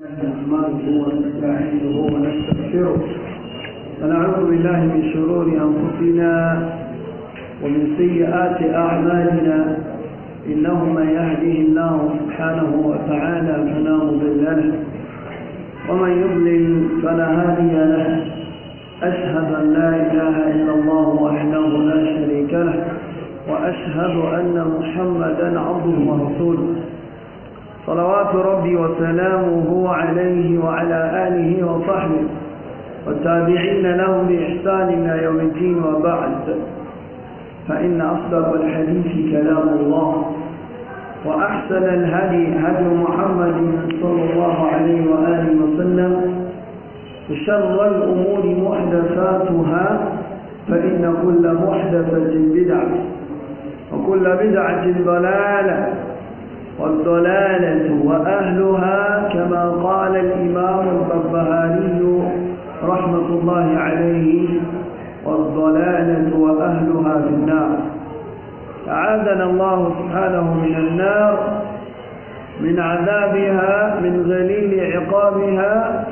نحمده ونستغفره ونعوذ بالله من شرور انفسنا ومن سيئات اعمالنا انه من يهده الله سبحانه وتعالى فلا مضل له ومن يضلل فلا هادي له اشهد ان لا اله الا الله وحده لا شريك له واشهد ان محمدا عبده ورسوله صلوات ربي وسلامه عليه وعلى آله وصحبه والتابعين لهم بإحسان إلى يوم الدين وبعد فإن أصدق الحديث كلام الله وأحسن الهدي هدي محمد صلى الله عليه وآله وسلم وشر الأمور محدثاتها فإن كل محدثة بدعة وكل بدعة ضلالة والضلالة وأهلها كما قال الإمام البربهاني رحمة الله عليه والضلالة وأهلها في النار أعاذنا الله سبحانه من النار من عذابها من غليل عقابها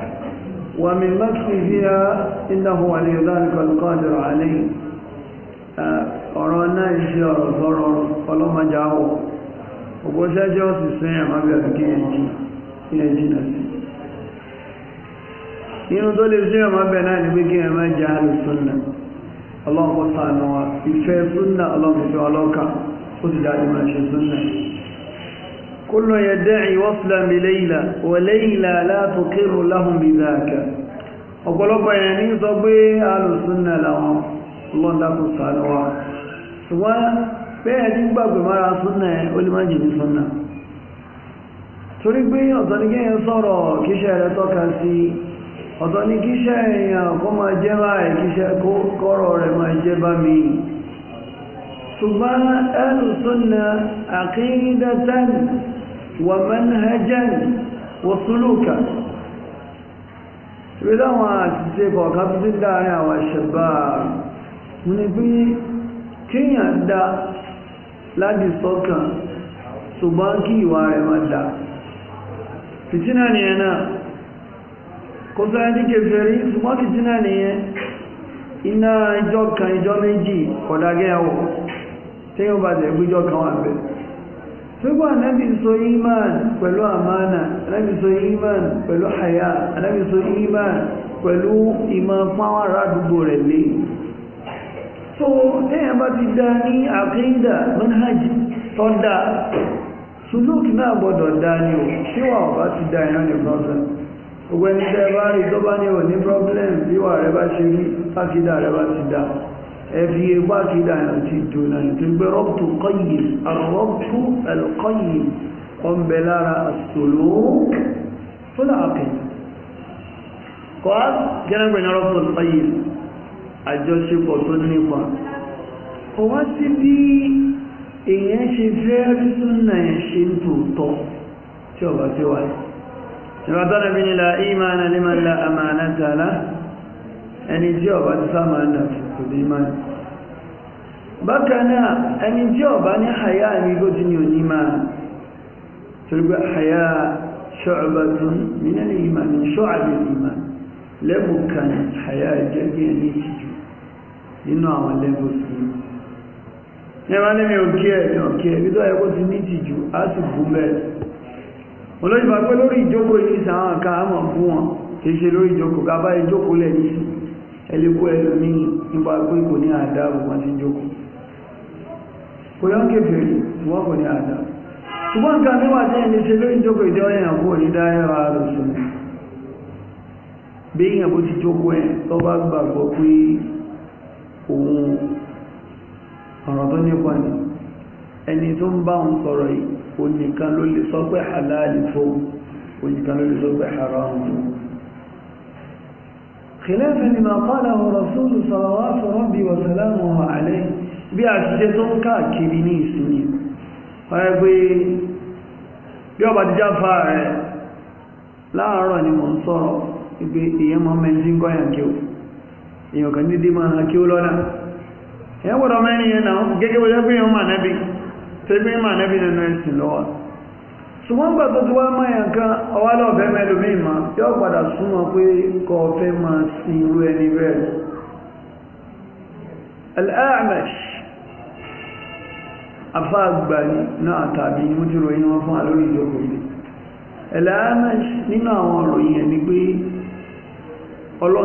ومن مكث فيها إنه ولي ذلك القادر عليه آه، أرانا إشياء الضرر فلما جاءوا gbogbo ṣẹ́jọ́ sì sin ẹ̀mọ́ bí àti kí ẹ̀ jìnà sí inú tó lè ṣe ẹ̀mọ́ bẹ̀ náà ní pé kí ẹ̀mọ́ jẹ́ alùsùnà ọlọ́pọ̀ sànà wa ìfẹ́ súnà ọlọ́pọ̀ ọlọ́ka ó sì dájú máa ọ̀pọ̀lọpọ̀ èèyàn ní sọ pé alùsùnà làwọn ọlọ́ndàkùn sàánà wa bẹ́ẹ̀ ní gbàgbé mara súnà ó lè má jìdí súnà torí pé ọ̀tọ̀ ní kíyàn sọ̀rọ̀ kíṣẹ́ rẹ̀ tọ́ka sí ọ̀tọ̀ ní kíṣẹ́ èèyàn kó máa jẹ́ báyìí kíṣẹ́ kọ́rọ̀ rẹ̀ máa jẹ́ bá mi ṣùgbọ́n ẹ̀rù súnà àkídátán wà manhajan wà suluka kíyàn dá láti sọ́kàn ṣùgbọ́n kí ìwà rẹ̀ má dá fìtínà nìyẹn náà kò sáré ní kèfèrí ṣùgbọ́n fìtínà iná méjì tí yóò bá tẹ̀ gbíjọ kan wà bẹ́ẹ̀ Gbogbo ànábì sọ ìmán pẹ̀lú àmánà, ànábì sọ ìmán pẹ̀lú àyà, ànábì sọ ìmán pẹ̀lú ìmọ̀ rẹ̀ so tẹ́yàn bá ti dá ní àkíńdà manhaj tó dá sùlúkì náà gbọ́dọ̀ dá ní o síwà ọ̀bá ti dá ìran ní problem gbogbo ẹni tẹ́ bá rí tó bá ní ò ní problem síwà rẹ bá ṣe rí pákídà rẹ bá ti dá ẹbí egbá kídà ìran ti jóná nítorí pé rọ́pù kọ́yì àrọ́pù ẹ̀lọ́kọ́yì ọmọbẹ lára sùlúkì fúnà àkíńdà kọ́ á jẹ́ àjọṣepọ̀ tó nípa kò wá sí bí èèyàn ṣe fẹ́ rí súnà ẹ̀ ṣe ń tòótọ́ tí ọba tí wà ní ìrọ̀tọ́nà bí nílá ìmáàna límọ̀lá àmàna tààlá ẹni tí ọba ti sá máa nà kò ní máa ní bákan náà ẹni tí ọba ní àyà ní kó ní òní máa torí àyà ṣọ́ọ̀bàtún mí náà ìmáà ní ṣọ́ọ̀bàtún nínú àwọn lẹ́gbọ́ sí i ẹwà ní mi ò kí ẹ̀ ní ọ̀kí ẹ̀ bí tó ẹ̀kọ́ ti ní ìtìjú á sì bú mẹ́rin olóyìnbá pé lórí ìjókòó yìí sàwọn ká àmọ̀ fún wọn kìí ṣe lórí ìjókòó ká bá ìjókòó lẹ̀ ní sí ẹlẹ́kọ́ ẹlòmí nípa pé kò ní àdáàbò wọn ti jókòó kò yọ́n kéfèrè wọ́n kò ní àdáàbò ṣùgbọ́n nǹkan níwà òun ọ̀rọ̀ tó nípa ni ẹni tó ń bá òun sọ̀rọ̀ yìí onìkan ló lè sọ pé halal fún onìkan ló lè sọ pé haram fún خلافا لما قاله رسول صلوات ربي وسلامه عليه bí a ti jẹ́ tó ń káàkiri ní ìsinmi ọ̀rẹ́ pé bí ọba ti jáfà èèyàn kan dị máa kí ó lọ́dá ẹ gbọ́dọ̀ mẹ́rin yẹn náà gẹ́gẹ́ bó jẹ́ yẹn mà nẹ́bí tẹ́bí mà nẹ́bí nínú ẹ̀sìn lọ́wọ́ ṣùgbọ́n gbà tó ti wá mọ́ èèyàn kan ọwá lọ́ọ̀ fẹ́ mẹ́lú yóò padà súnmọ́ pé kọ́ fẹ́ máa sin irú ẹni bẹ́ẹ̀ al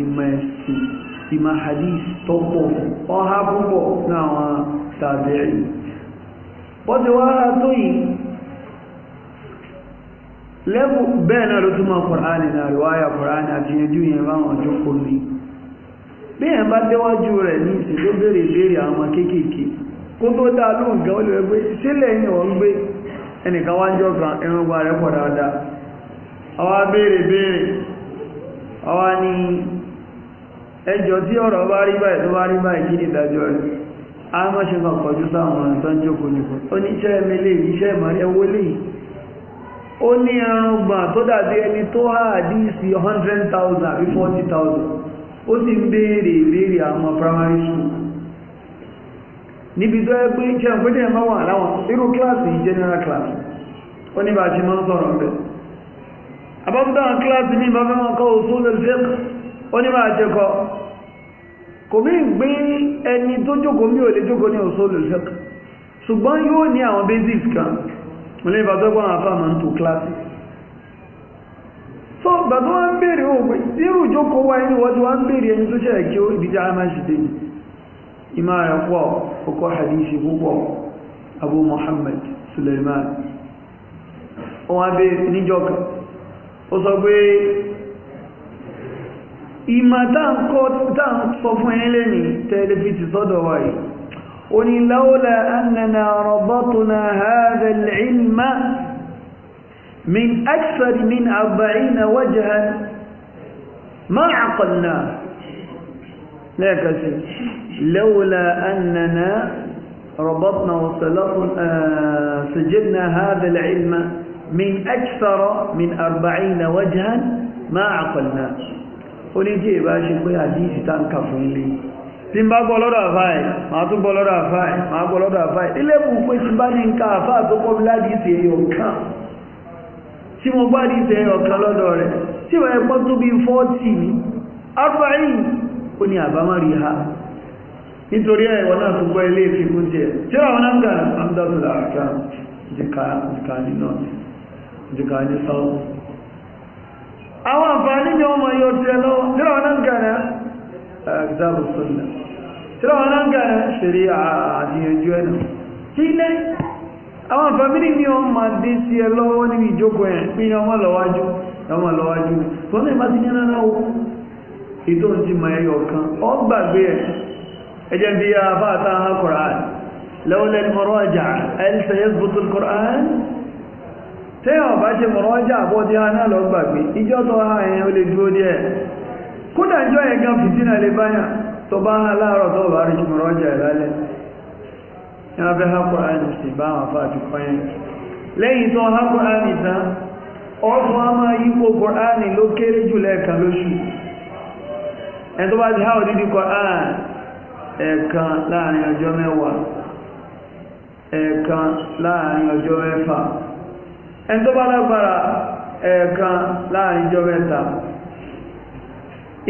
ìmọ̀ ẹ̀sìn ìmọ̀ hadith tó pọ̀ ọha púpọ̀ náwọn tàbírí bọ́dé wá tó yìí lẹ́bù bẹ́ẹ̀ náà ló túnmọ̀ Kùránì náà ríwáyà Kùránì àti ẹjú yẹn báwọn ní bí ẹ̀ bá déwájú rẹ̀ ní béèrè ìbéèrè àwọn kó tó dá lóhùn gan sílẹ̀ ní ọ̀ ń gbé ẹnìkan kan rẹ̀ béèrè béèrè àwa ni ẹjọ́ tí ọ̀rọ̀ bá rí báyìí tó bá rí báyìí ni ìdájọ́ rẹ̀ a ma ṣe máa kọjú sáwọn ọ̀rọ̀ tó ń jókòó nìkan ó ní iṣẹ́ mi iṣẹ́ ìmọ̀ rẹ̀ lè ó ní ẹran gbà tó dàbí ẹni tó há àdíìsì 100,000 àbí 40,000 ó sì ń béèrè ìbéèrè àwọn primary school níbi tó ẹ pé iṣẹ́ ìpínlẹ̀ máa wà láwọn irú kíláàsì general class ó ní bá a ṣe máa ń sọ̀rọ̀ kíláàsì ní ìbáfẹ́ onímọ̀ àjẹkọ kò mí gbé ẹni tó jókòó mí ò lè jókòó ní òṣòlù fiqh ṣùgbọ́n yóò ní àwọn basics kan ilé ìbátọ́gbọ́n àfàmà ń tó classes so bàtọ́ wọ́n ń bèèrè ògbé irú jókòó wáyé ní wọ́n tí wọ́n ń bèèrè ẹni tó ṣẹ̀rẹ̀ kí ó ìdíjá amáṣìdé ìmá rẹ̀ pọ̀ ọkọ̀ hadisi abu muhammad suleiman wọ́n bèèrè níjọ́ kan ó ìmọ̀ táǹkọ́ sọ fún ilé ní tẹ́lifíti sọ́dọ̀ wa yìí ó ní láúlẹ̀ annana rọ̀bọ́tuna hadal ilma min aksar min arba'ina wajahan ma aqalna lẹ́ẹ̀kasi láúlẹ̀ annana ربطنا وصلتنا سجلنا هذا العلم من أكثر من أربعين وجها ما عقلناه oníjì ìbá ṣe pé àdíjì táǹkà fún ilé tí n bá gbọ́ lọ́dọ̀ àfáì máa tún gbọ́ lọ́dọ̀ àfáì máa gbọ́ lọ́dọ̀ àfáì ilé bù pé tí bá ní nǹkan àfáà tó kọ́ bí láti ṣe èèyàn kan tí mo gbá ní kan lọ́dọ̀ rẹ̀ tí wọ́n tó bí fọ́ọ̀tì ní ó ní ha nítorí ẹ̀ wọ́n náà gbọ́ ilé tiẹ̀ tí àwọn náà ń àwọn àǹfààní ni wọ́n máa yọ ti ẹ lọ́wọ́ tí wọ́n náà ń gà náà kìtàbù sọ́nà tí wọ́n náà ń gà náà ṣeré àdìyànjú ẹ̀ náà kí lẹ́ àwọn àǹfààní ni wọ́n máa dé sí ẹ lọ́wọ́ níbi ìjókòó yẹn pé ní ọmọ lọ́wájú ọmọ lọ́wájú tó ní ìbá ti ní ti mọ̀ ẹyọ kan ọ gbàgbé ẹ̀ ẹjẹ́ bí i afáàtà ha kùrán lẹ́wọ́lẹ́ ni mọ̀rọ̀ àjà ẹ̀ téèyàn ọba ṣe mọ̀rọ̀ ọjà àbọ̀dé aná lọ gbàgbé ìjọ tó ha ẹ̀yẹn ó lè dúró díẹ̀ kódà ìjọ yẹn gan fìtínà lè báyà tó bá ń ọjà ìlálẹ̀ ní abẹ́ hákùránì sì bá lẹ́yìn tó tán a máa yípo ló kéré jù lẹ́ẹ̀kan ẹni tó bá lágbára ẹ̀ẹ̀kan láàrin ìjọ mẹ́ta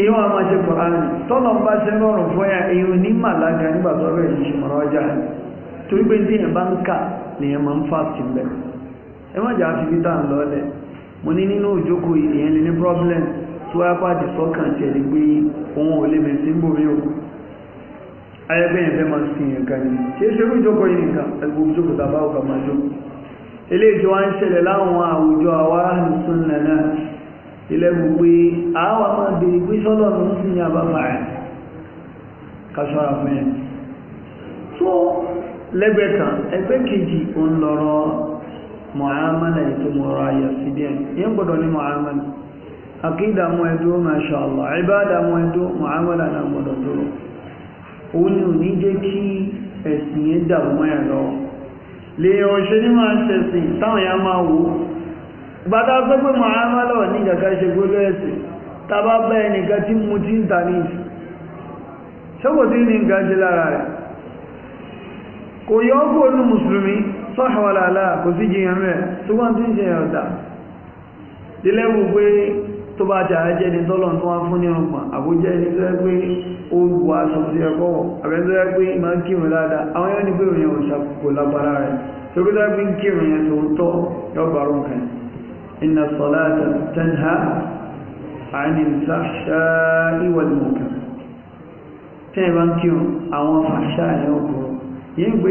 ìwọ̀n àmà ṣe kọ̀ránì tọ́nà bá ṣe lọ́rùn fún ẹ̀ èyàn ní màlága nígbà tó rẹ̀ ṣe mọ̀rọ̀ ọjà torí pé tí èyàn bá ń kà ní ẹ̀ máa ń fà sí jà fi bíta ń mo ní nínú ìjókòó ìyẹn lè ní problem tí wọ́n apá sọ́kàn tiẹ̀ lè gbé ò o eléyìí tí wọ́n ń ṣẹlẹ̀ láwọn àwùjọ àwa nìsún nànà ilẹ̀kùn pé àwa máa bèèrè pé sọ́lọ̀ ní ń sìn àbámà rẹ̀ káṣọ́ra fún tó lẹ́gbẹ̀ẹ́ kan ẹgbẹ́ kejì ò ń lọ́rọ̀ mọ̀hámánà ètò mọ̀rọ̀ ayọ̀ sí díẹ̀ yẹn gbọ́dọ̀ ní mọ̀hámánà àkídà mọ́ ẹ̀dọ́ masha Allah ìbádà mọ́ ẹ̀dọ́ mọ̀hámánà náà gbọ́dọ̀ dúró òun ni ò ní jẹ́ kí ẹ̀sìn yẹn lèèyàn òṣè ní máa ń tẹ̀sìn táwọn èèyàn máa wò ó gbàtà pé ní gàgà ṣe tàbá bá ẹnìkan tí mo ti ń tà ní ìsìn tí ní nǹkan ṣe lára rẹ̀ kò yọ ọ́ kó mùsùlùmí sọ́hàwàlàlà kò sí jiyàn mẹ́ ṣùgbọ́n tí ń ṣe pé tó bá jà ó bu aṣọ sí ẹ̀kọ́ wọ̀ àbẹ́tọ́ yẹ pé máa ń kírun dáadáa àwọn yẹn ní pé òun yẹn ò ṣàkókò lábára rẹ̀ torí tó yẹ pé ń kírun yẹn tó ń tọ́ yọ bàrún kan inna salata tanha anil fahsha'i wal munkar tẹ́ẹ̀ bá ń kírun àwọn fàṣà yẹn ò kúrò yẹn pé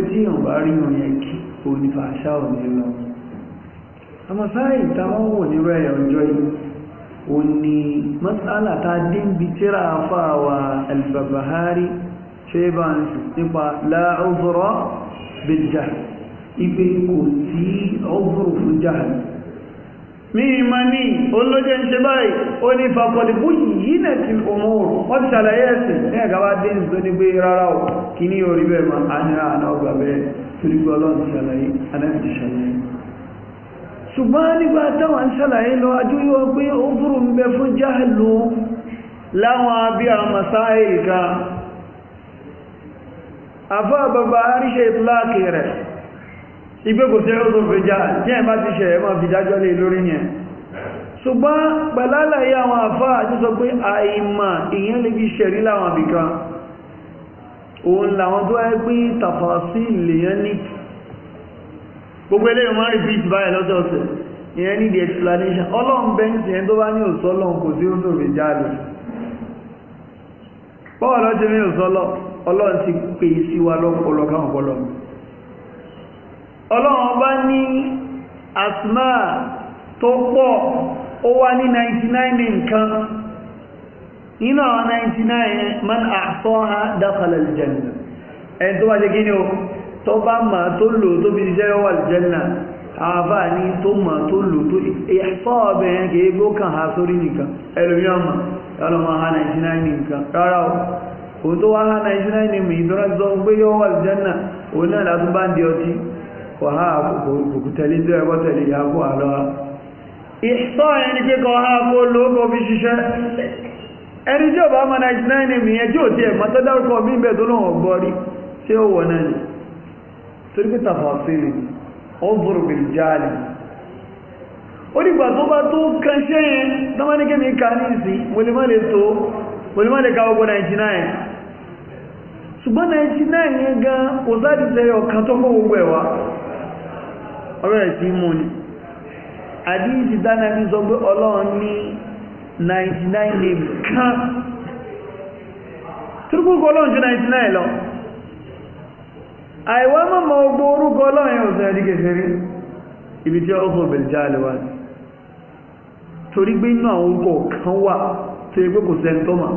òní matsala ta dínbi tíra fáwa albabahari ṣébánsì nípa láàúzọ́rọ̀ bí jahal ipe kò tí ọzọ́rọ̀ fún jahal mímá ní olójẹ́ ń ṣe báyìí ó ní fakọlìbú yìí nà tí òmòrò wọ́n ṣàlàyé ẹ̀sìn ní ẹ̀gáwá dínz tó ní pé rárá ò kí ní orí bẹ́ẹ̀ ma a ní àná ọgbà bẹ́ẹ̀ torí gbọ́lọ́ ṣàlàyé anábìṣàlàyé ṣùgbọ́n nígbà táwọn ṣàlàyé lọ ajóyíwọ pé ó fúrù ń bẹ fún jáàlù láwọn abí àmàsá ìka afọ́ àbàbà àríṣẹ́ rẹ̀ ìgbé kò tẹ́ ọdún fi já ẹ̀má ti ṣẹ̀ ẹ̀má fi dájọ́ lé lórí yẹn ṣùgbọ́n àwọn àti sọ pé àìmà ìyẹn lè fi ṣẹ̀rí láwọn àbìkan òun làwọn tó ní gbogbo eléyìí wọ́n repeat báyìí lọ́dọ̀ọ̀sẹ̀ ìyẹn ní the explanation ọlọ́run bẹ́ńtì ẹni tó bá ní òsọ́lọ́run kò sí oúnjẹ òfin jáde bọ́ọ̀lù ọjọ́ mi òsọ́lọ́ ọlọ́run ti pè é sí wa lọ́pọ̀lọ́ káwọn ọpọlọ mi ọlọ́run bá ní asma tó pọ̀ ó wá ní 99 nǹkan nínú àwọn 99 man àtọ́ ha dákàlẹ̀ jẹ̀nà ẹni tó bá ni o tó bá mọ̀ tó lò tó fi ṣiṣẹ́ yọ́wà jẹ́nà àbá ní tó mọ̀ tó lò tó ẹ̀fọ́ ọbẹ̀yẹn kìí gbó kàn á sórí nìkan ẹlòmí ọmọ ọlọmọ ha 99 nìkan rárá o òun tó wá ha 99 nìmù ìdọ́rọ̀ sọ pé yọ́wà jẹ́nà òun náà látún bá ń di ọtí wàhá kòkò tẹ̀lé tó ẹ̀kọ́ tẹ̀lé ìyàwó àlọ́ ìfọ́ ẹni tí ò bá mọ̀ 99 nìmù tí ò tiẹ̀ mọ́ tó dárúkọ mí bẹ̀ tó lóun ọ̀gbọ́rí tí ó wọ̀ náà torí pé tàfàṣí ni ó bọ̀rọ̀ bèrè jáàlì onígbà kan ṣe yẹn dámánikẹ́ mi ká ní ìsìn wòlímọ́lẹ̀ tó wòlímọ́lẹ̀ 99 ṣùgbọ́n ga yẹn gan kò sáàdì tẹ́yọ kan tó ni 99 lè kán tí ó kó 99 lọ àìwá mọ́mọ́ ogbó orúkọ ọlọ́rin ọ̀sẹ̀ ẹ̀dígẹ̀ fẹ́rí ibi tí ó fò bẹ̀rẹ̀ jáà lẹ́wà ní torí gbé inú àwọn orúkọ kan wà tó yẹ pé kò sẹ́ntọ́mà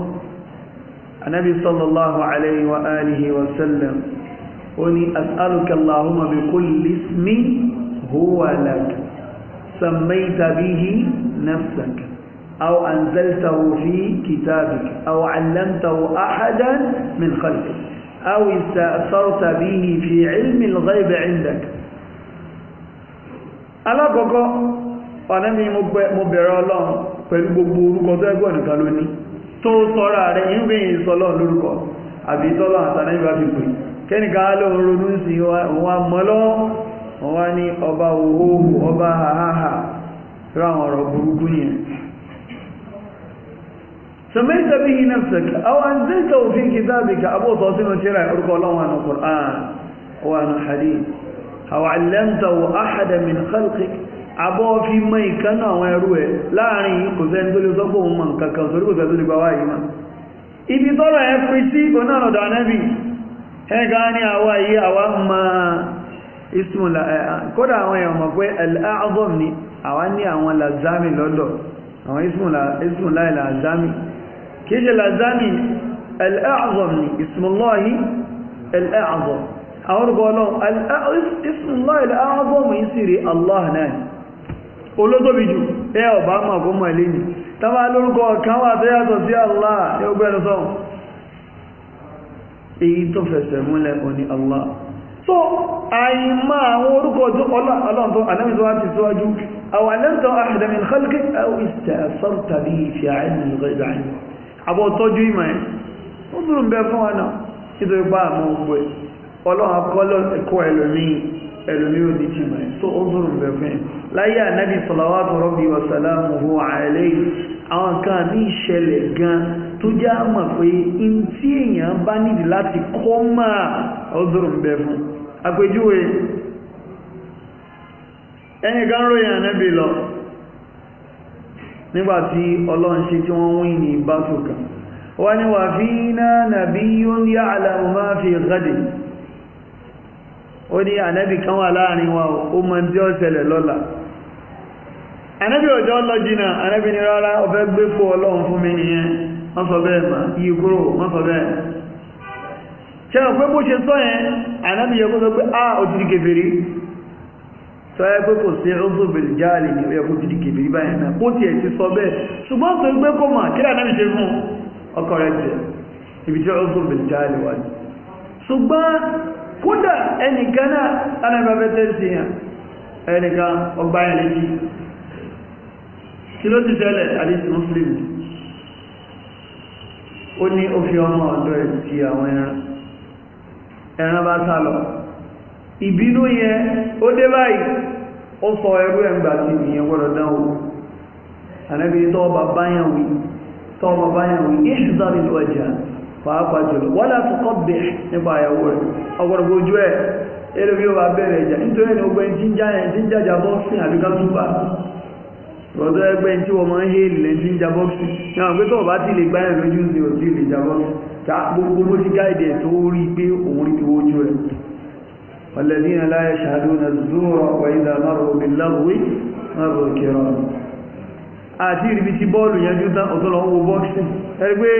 anábi sallallahu alayhi wa alihi wa sallam ó ní as'aluka allahumma bi kulli ismin huwa lak sammaita أو استأثرت به في علم الغيب عندك alákọ̀ọ́kọ́ ọ̀nà mi mo bẹ̀rẹ̀ ọlọ́run pẹ̀lú gbogbo orúkọ tó ẹgbọ́n nìkan ló ní tó tọ́ra rẹ̀ ìgbìyàn ìsọlọ́ lórúkọ àbí tọ́lọ́ àtàrà ìbá fi pè kẹ́nìká lóhun ronú sí wọn mọ́lọ́ wọn ní ọba òhòhò ọba àháhà ráwọn ọ̀rọ̀ burúkú yẹn سميت به نفسك أو أنزلته في كتابك أبو طاسم شرع أرك الله وأنا قرآن وأنا الحديث أو علمته أحدا من خلقك أبو في ميكنا ويروي لا أعني كذين دولي صبوه من كالكال صدقوا سيدولي بواهما ibi tọ́rọ ẹ fi sí ọ̀nà ọ̀dọ̀ anábì ẹgbà ní àwọ ayé àwọ ma ismula kódà àwọn èèyàn mọ̀ pé al'azọ́m ni àwá ní àwọn lazami lọ́dọ̀ àwọn kìí ṣe lazani al'azam ni ismullahi al'azam àwọn orúkọ ọlọ́run ismullahi al'azam yìí sì rí allah náà olótóbi jù ẹ ọba máa kó mọ̀ lé ní tàbá lórúkọ kan wà tó yàtọ̀ sí allah ní ọgbẹ́nu sọ́run èyí tó fẹsẹ̀ múlẹ̀ òní allah so àìmá àwọn orúkọ tó ọlọ́run tó àlẹ́mìí tó wá síwájú àbọ̀ tọ́jú ìmọ̀ ẹ̀ ó dúró ń bẹ fún wa náà nítorí bá àmọ́ gbogbo ẹ̀ ọlọ́run akọ́lọ́ ẹ̀kọ́ ẹlòmíì ẹlòmíì ò ní jìmọ̀ ẹ̀ tó ó dúró ń bẹ fún ẹ̀ láyé ànábì salawatu rabbi wa salamuhu alayhi àwọn kan ní ìṣẹ̀lẹ̀ gan tó já mọ̀ pé n tí lọ nígbàtí ọlọ́run ṣe tí wọ́n wí ní bátò kan wọ́n ni wà fi iná nàbí yóò ní àlàmù máa fi gádì ó ní ànábì kan wà láàrin wa ó mọ tí ó ṣẹlẹ̀ lọ́la ànábì ọjọ́ lọ́jìnà ànábì ní rárá ọfẹ́ gbé fún ọlọ́run fún mi nìyẹn tó yẹ pé kò sí ọdún bèrè jáàlì ní ọyọ kó dídì kèbèrè báyìí náà kó tiẹ̀ ti sọ bẹ́ẹ̀ ṣùgbọ́n tó gbé kó mà kí lànà ìṣe fún ọkọ rẹ jẹ ibi tí ọdún bèrè jáàlì wà ní. ṣùgbọ́n kódà ẹnìkan náà tánà fẹ́ tẹ́sí ìbínú yẹn ó dé báyìí ó sọ ẹrú ẹ̀ ń gbà tí ìyẹn gbọ́dọ̀ dán o ànábi tó ọba báyàn wí tó ọba báyàn wí ìṣùzárí ló e pàápàá jùlọ wọ́n láti kọ́ bẹ̀ nípa àyàwó rẹ̀ ọgbọ̀dọ̀ ojú ẹ̀ eré bí ó bá bẹ̀rẹ̀ ìjà nítorí ní ogbẹ́ jíjájà bọ́ọ̀sì àbíká túbà rọ̀dọ̀ ẹgbẹ́ tí wọ́n máa ń hé ilẹ̀ tí ń والذين لا يشهدون الزور وإذا مروا باللغو مروا كرام àti ìrìbí ti bọ́ọ̀lù yẹnjú tán ọ̀tọ́lọ̀ ń wo bọ́ọ̀sì ẹ̀rí pé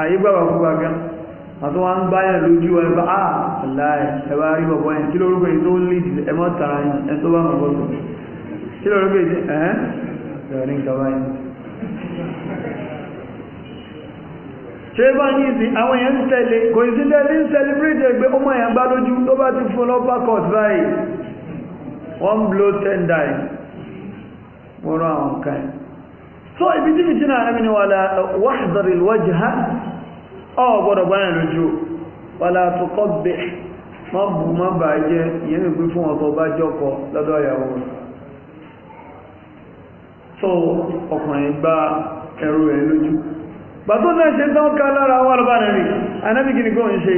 àyè gbàgbà fúgbà gan àti wọ́n ń báyàn lójú ẹ̀bá àláì ẹ̀bá rí bọ̀bọ̀ yẹn kí lórúkọ ṣe bá ní ìsìn àwọn èèyàn ń tẹ̀lé kò sí tẹ́lé ń ẹgbẹ́ ọmọ èèyàn lójú tó bá ti fún báyìí wọ́n blow ten die rán àwọn kan so ibi tí mi ti náà rẹ́mi ni ha ọ̀ gbọ́dọ̀ gbá lójú wàlá tó bẹ̀ má bù má bà jẹ́ bàtó náà ṣe tán ká lára wà lọ́bà nàbí anábì kí ni kò ń ṣe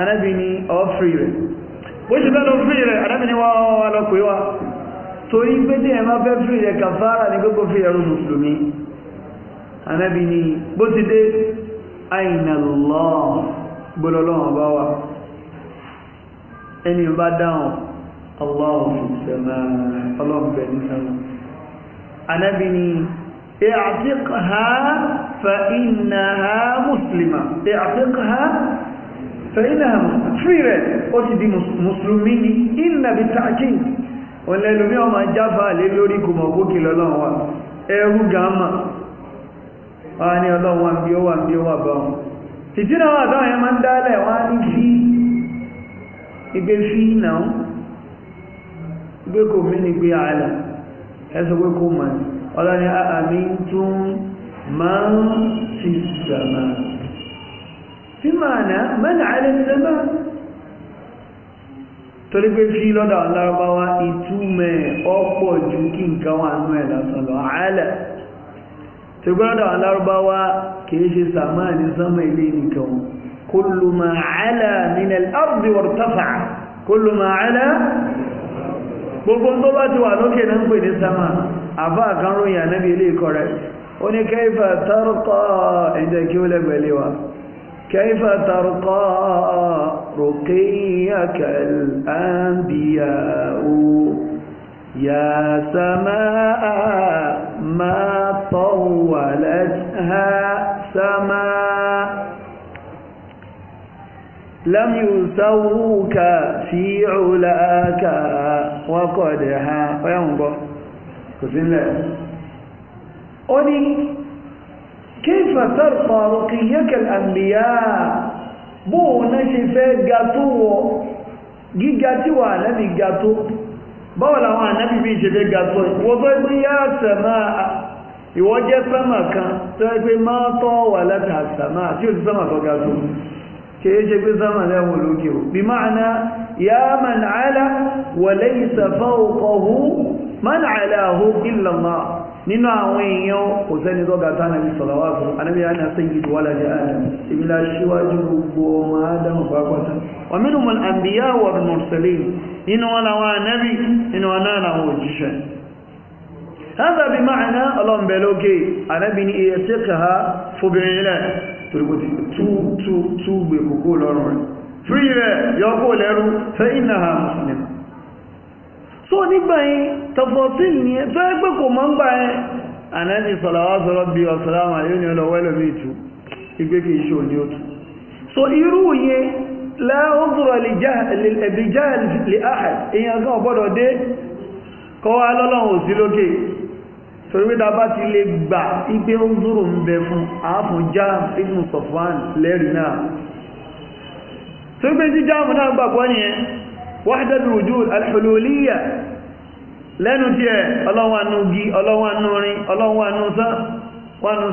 anábì ni ọ̀fìrí rẹ̀ ó ṣe tán fìrí rẹ̀ anábì ni wọ́n wà lọ pé wá torí pé tí ẹ̀má fẹ́ fìrí rẹ̀ kàfàrà ní gbogbo fi ẹ̀rù mùsùlùmí anábì ni bó ti dé àìnàlọ́ gbọ́lọ́lọ́wọ́ bá اعتقها فإنها مسلمة اعتقها فإنها مسلمة فرد ó ti di mùsùlùmí ni inna bitakid wọ́n lẹ́nu bí ọmọ jáfà lé lórí kò mọ̀ kókè lọ́lọ́run wa ẹrú gàmà wà ní ọlọ́run wa bí ó wà bí ó wà bá wọn títí náà wà táwọn ẹmọ ọlọ́ni àmì tún máa ń fi sàmà tí máa nà mẹ́nà àìlẹ́sẹ̀má torí pé fi lọ́dà ọlọ́rọ̀báwá ìtumẹ̀ ọ̀pọ̀ jù kí nǹkan wà nú ẹ̀ lásánlọ àálẹ̀ tí gbọ́dọ̀ ọlọ́rọ̀báwá kìí ṣe sàmà ní sánmà ilé nìkan gbogbo tó bá ti wà lókè náà ń pè ní sánmà àbá kan ròyìn ànábì ilé ikọ̀ rẹ̀ ó ní kẹ́ifà tárùkọ́ ẹ̀jẹ̀ kí ó lẹ́gbẹ̀lẹ́ wa kẹ́ifà tárùkọ́ rùkíyàkẹ́l àǹbíyà ó yà sàmáà máa tọ́wà lẹ́sà sàmáà لم يسوك في علاك وقدها وينظر kò sí mẹ́ ó ní kéfà tàrfà ruqiyyakal anbiya bóò náà ṣe fẹ́ ga tó wọ gíga tí wà náàbì ga tó báwọn làwọn ànábì bí ṣe fẹ́ ga tó ìwọ́n tó gbé yá sàmà ìwọ́n jẹ́ sàmà kan tó gbé máa tọ́ wà látà sàmà tí ó ti sàmà tó ga tó kìí ṣe pé sàmà lẹ́wọ̀n lókè o bí máa ná yá màn áàlá wà lẹ́yìn sàfà òkọ̀hún man alahu illa Allah nínú àwọn èèyàn kò sẹ́ni tó gàtà nàbí sọ̀lọ́wà fún anábíyà ní asẹ́yìn wàlá ní adam ìbílá síwájú gbogbo ọmọ adam pàápàá wa minhum al-anbiya wal wọn هذا بمعنى اللهم بلوكي أنا بني إيسيقها فبعلا تقول تو تو تو بكوكو فإنها مسلمة tó nígbà yìí tọ̀fọ̀tì nìyẹn tó ẹgbẹ́ kò mọ́ ń gbà yẹn ànájì sọ̀làwà sọ̀rọ̀ bí ọ̀sọ̀láwà yóò ní ọlọ́wọ́ ẹlòmí ìtú ìgbé kì í ṣe òní òtù so irú yẹn láàrúdùrọ̀ ẹ̀bí jáàlì lè áhàd èèyàn kan ọ̀gbọ́dọ̀ dé kọ́ wá lọ́lọ́run òsí lókè torí pé dábá ti lè gbà ipé ń dúró ń bẹ fún àáfún jáàmù ibùn sọ̀fán lẹ́rìí náà torí pé tí jáàmù náà gbàgbọ́ nìyẹn wahdatul wujud al-hululiyya lẹ́nu díẹ̀ ọlọ́wọ́nú gi ọlọ́wọ́nú rin ọlọ́wọ́nú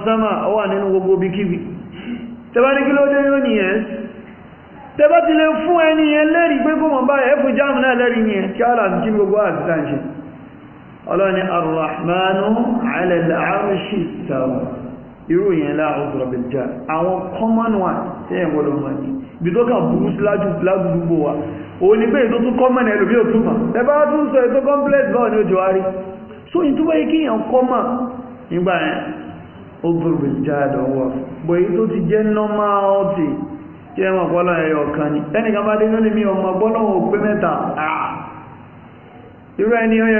sánmà ọwà nínú gbogbo bikíbi tẹbá ní kí ló dé yóò nìyẹn tẹbá ti lè fún ẹni yẹn lẹ́rí pé kó mọ̀ báyẹ̀ fún jáàmù náà lẹ́rí yẹn kí á láti kí gbogbo àtìtàṣe ọlọ́ni ar irú èèyàn láàrín ọ̀dọ̀ ọ̀bẹ̀lẹ̀já àwọn common one tí ẹ̀ wọ́n lọ mọ̀ ní ibi tó kàn burú sí lágbùdúgbò wa òun ni pé ètò tún common ẹlòmí ò túmọ̀ ẹ bá tún sọ ètò complex báwọn ni ó jọ So rí so ìtúwọ́ yìí common nígbà yẹn ó burú bẹ̀lẹ̀já àdánwò bọ̀ èyí tó ti jẹ́ normal ọ̀tì kí ẹ mọ̀ bọ́lá ẹ̀yọ ọ̀kan ni ẹnìkan bá dé lónìí mi ọmọ bọ́lá òun pé mẹ́ta irú ẹni ó yẹ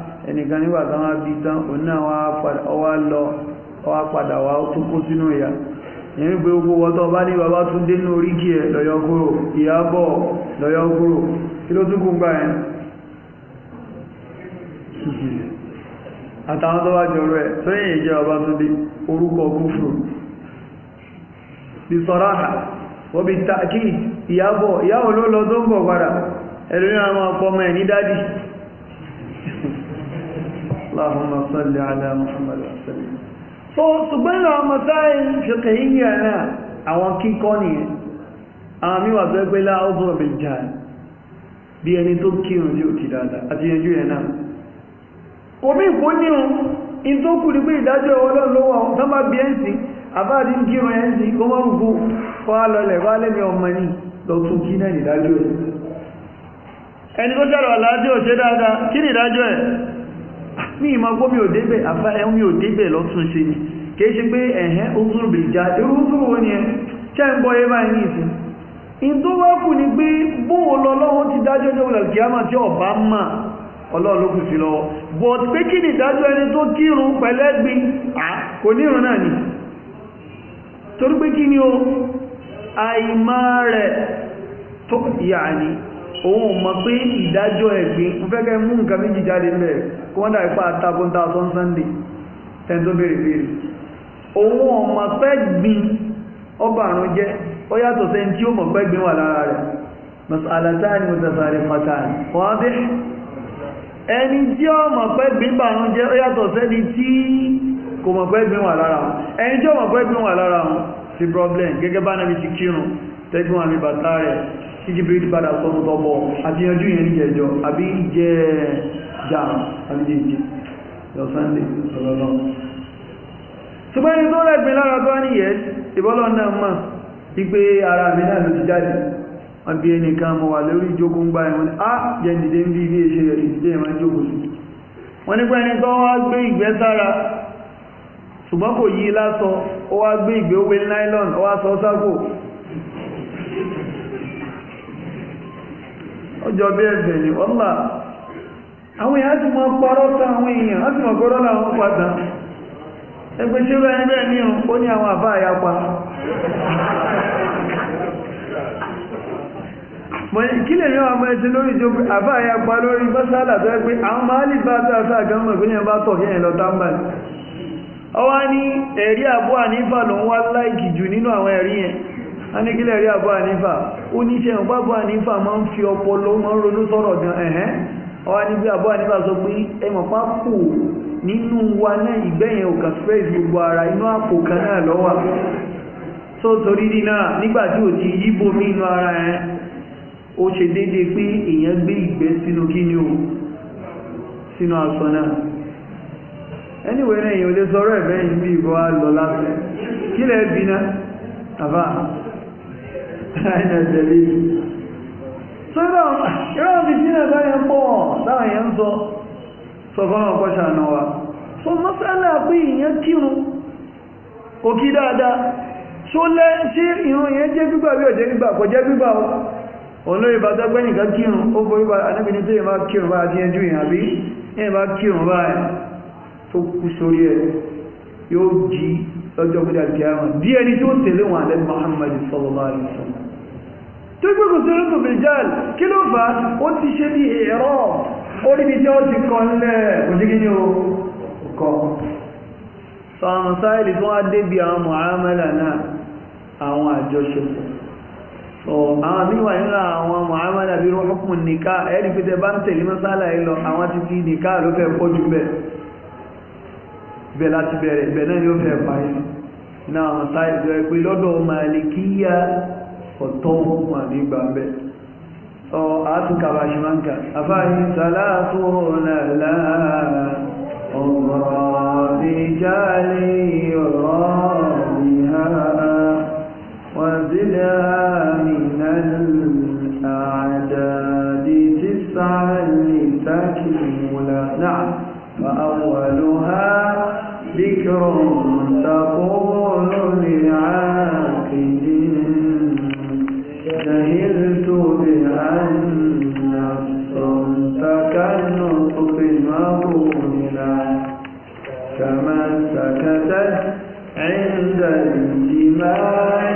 ẹnìkan nígbà tán wá bí tán òun náà wá lọ wá padà wá kó sínú ìyá pé gbogbo wọ́tọ́ bá ní bàbá tún dé ní oríkì ẹ̀ ìyábọ̀ lọ́yọ́ kí ló tún kún gbà àtàwọn tó bá ọmọ ẹ̀ ní اللهم صل على محمد وسلم so ṣùgbọ́n àwọn masáyìn ṣùkẹ̀yìnyà náà àwọn kíkọ́ ni àwọn míwà gbẹ́gbẹ́ láàbùrọ̀ bí jà bí ẹni tó kírun tí ó ti dáadáa àti ẹjú ẹ̀ náà omi ìkó ní ohun in tó kù ní pé ìdájọ́ ọlọ́run ló wà tán bá bí ẹ̀sìn àbáàdí ń kírun ẹ̀sìn kó kí náà ìdájọ́ ẹ̀ ní ìmọ̀ gbómi ò débẹ̀ àfá ẹ̀hún ò débẹ̀ lọ́tún ṣe ni kìí ṣe pé ẹ̀hẹ́ ogun bìí já irú fún wọn yẹn ṣe ń bọ́ ẹ̀bá ẹ̀ní ìsìn ìdúwọ́kù ni pé bóò lọ lọ́wọ́ ti dájọ́ ní ọ̀là ni ìdájọ́ ẹni tó kírun pẹ̀lẹ́gbin kò nírun náà ni ni o àìmá rẹ̀ tó yà ní òun mọ̀ pé ìdájọ́ ẹ̀gbin fẹ́kẹ́ mú nǹkan méjì jáde bẹ́ẹ̀ kó wọ́n dàbí pa àtakùntà tó ń sunday tẹ́ni tó béèrè béèrè òun ọmọ pẹ́ gbin ọba àrùn jẹ́ ó yàtọ̀ sẹ́ni tí ó mọ̀ pẹ́ gbin wà lára rẹ̀ masalatani mutasarifatani wadih ẹni tí ó mọ̀ pẹ́ gbin bà jẹ́ ó yàtọ̀ sẹ́ni tí kò mọ̀ pẹ́ gbin wà lára wọn ẹni tí ó mọ̀ pẹ́ gbin wà lára wọn ti problem gẹ́gẹ́ bá nàbí ti kírun tẹ́gbọ́n àmì bàtà rẹ̀ títí bí padà sọ́mùtọ́bọ̀ àti yanjú yẹn níjẹ̀jọ́ àbí jẹ́ já àbíjèjì lọ sunday ọlọ́lọ́ ṣùgbọ́n ẹni tó rẹ̀gbìn lára tó ní yẹ ìbọ́lọ̀ náà mọ̀ wípé ara mi náà ló ti jáde wọ́n bí ẹnìkan mọ̀ wà lórí ìjókòó ń gbá ni ah jẹ́ ń bí ilé jókòó sí wọ́n nípa ẹni tó wá gbé sára ṣùgbọ́n kò yí lásọ ó àwọn èèyàn ti mọ pọ́rọ́ sọ àwọn èèyàn wọ́n ti mọ̀ pọ́rọ́ làwọn padà ẹgbẹ́ ṣé bẹ́ẹ̀ bẹ́ẹ̀ ní ó ní àwọn àbá àyapa kí lè yọ àwọn ẹ̀sìn lórí ìjọ pé àbá àyapa lórí bọ́sálà tó ẹgbẹ́ àwọn máàlì bá tààtà gan mọ̀ bá tọ̀ yẹn lọ ọwá ní ẹ̀rí ló ń wá láìkì jù nínú àwọn ẹ̀rí yẹn a ẹ̀rí ọpọlọ máa ń ronú sọ̀rọ̀ gan ọwọ́ ní bí abọ́ àníbà sọ pé ẹmọ̀ pa kù nínú wa náà ìgbẹ́yẹn ò kàn gbogbo ara inú àpò kan náà lọ́wà tó torí dínà nígbà tí ò ti yíbo mí inú ara ẹ̀ ó ṣe déédéé pé èèyàn gbé ìgbẹ́ sínú kí o sínú aṣọ náà èèyàn lè sọ̀rọ̀ ẹ̀fẹ́ yìí bí ìbọn á lọ kí náà so ìrọ̀rùn fi jìnà sáyẹn ń pọ̀ sáwọn èèyàn ń sọ sọ̀kọ́nà ọkọ̀ ṣàánà wa so mọ́sálà pé ìyẹn kírun kò kí dáadáa so lẹ́ sí ìrun yẹn jẹ́ gbígbà bí ọ̀jẹ́ gbígbà kò jẹ́ gbígbà o olórí bá tẹ́gbẹ́ nìkan kírun ó borí bá anábìnrin tó yẹ bá kírun bá ti ẹjú ìhàn bí ẹ bá kírun bá ẹ tó kú sórí ẹ yóò jí lọ́jọ́ gbígbà kí á mọ̀ bí ẹni tó tẹ̀lé wọn àlẹ́ Muhammad sallallahu alaihi wasallam tó gbé kò sí lóṣù bèjẹ́l kí ló fà á ó ti ṣe bí ẹ̀rọ ó níbi tí ó ti kọ nílẹ̀ òjìgí ní o kọ fàwọn sáìlì tó wá débi àwọn mọ̀hámẹ́là náà àwọn àjọṣepọ̀ àwọn àmìwà nínú àwọn mọ̀hámẹ́là bí rọ́pùn nìká ẹ̀rí pé tẹ bá ń ọ̀tọ́ òun wà ní gbàmbẹ́ ọ àtúkàwà ṣìmáǹkà afáàyí sàlátù ọ̀làlá ọ̀rọ̀ ìjálẹ̀ ọ̀rọ̀ ìhà wàzílẹ̀ àmìnà àdàdì tísàlì جهلت بأن الصمت كالنطق مبولا كما سكتت عند الجماع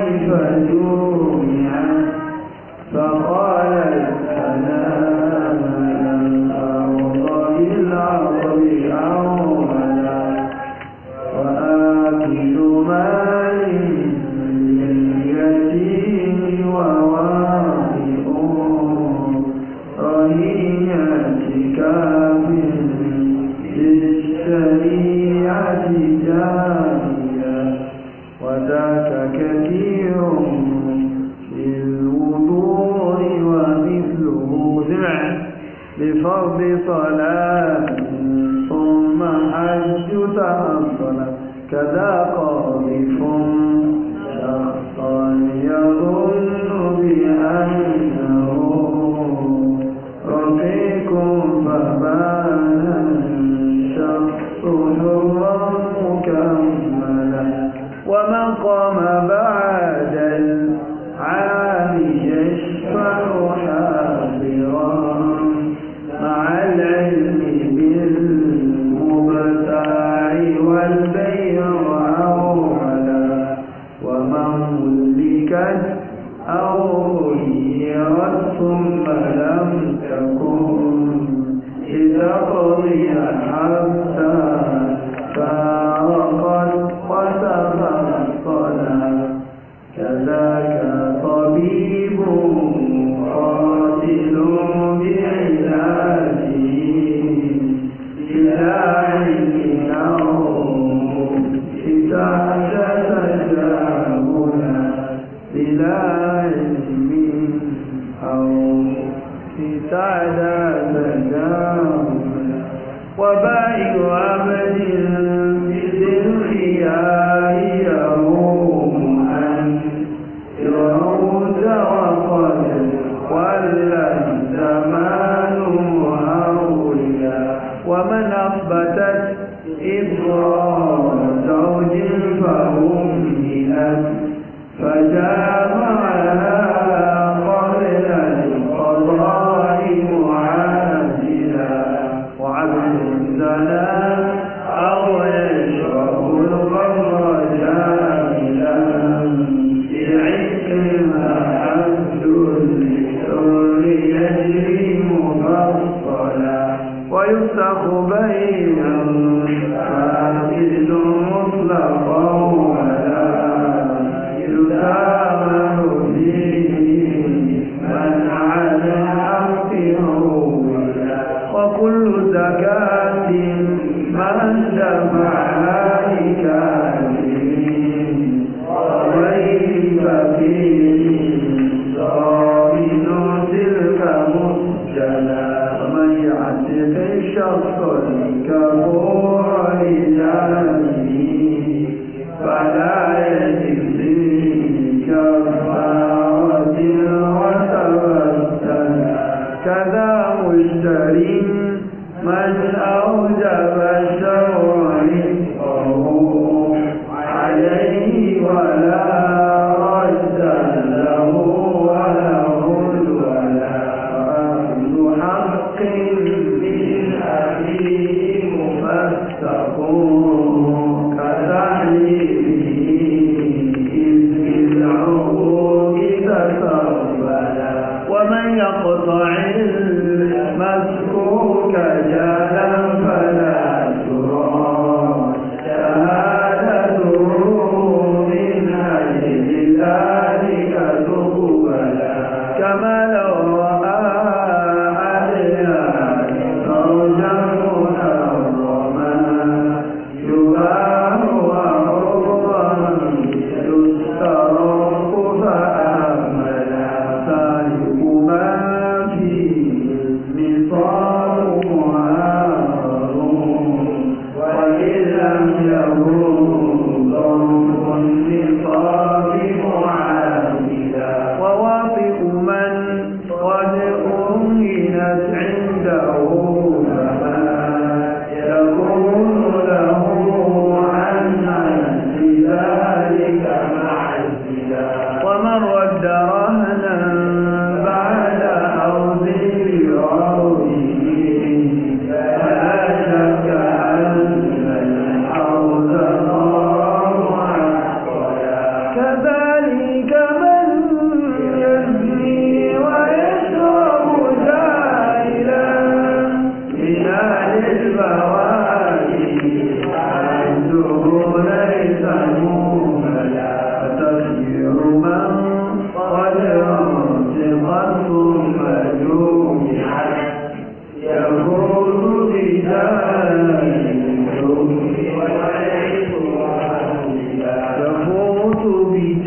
عبد لا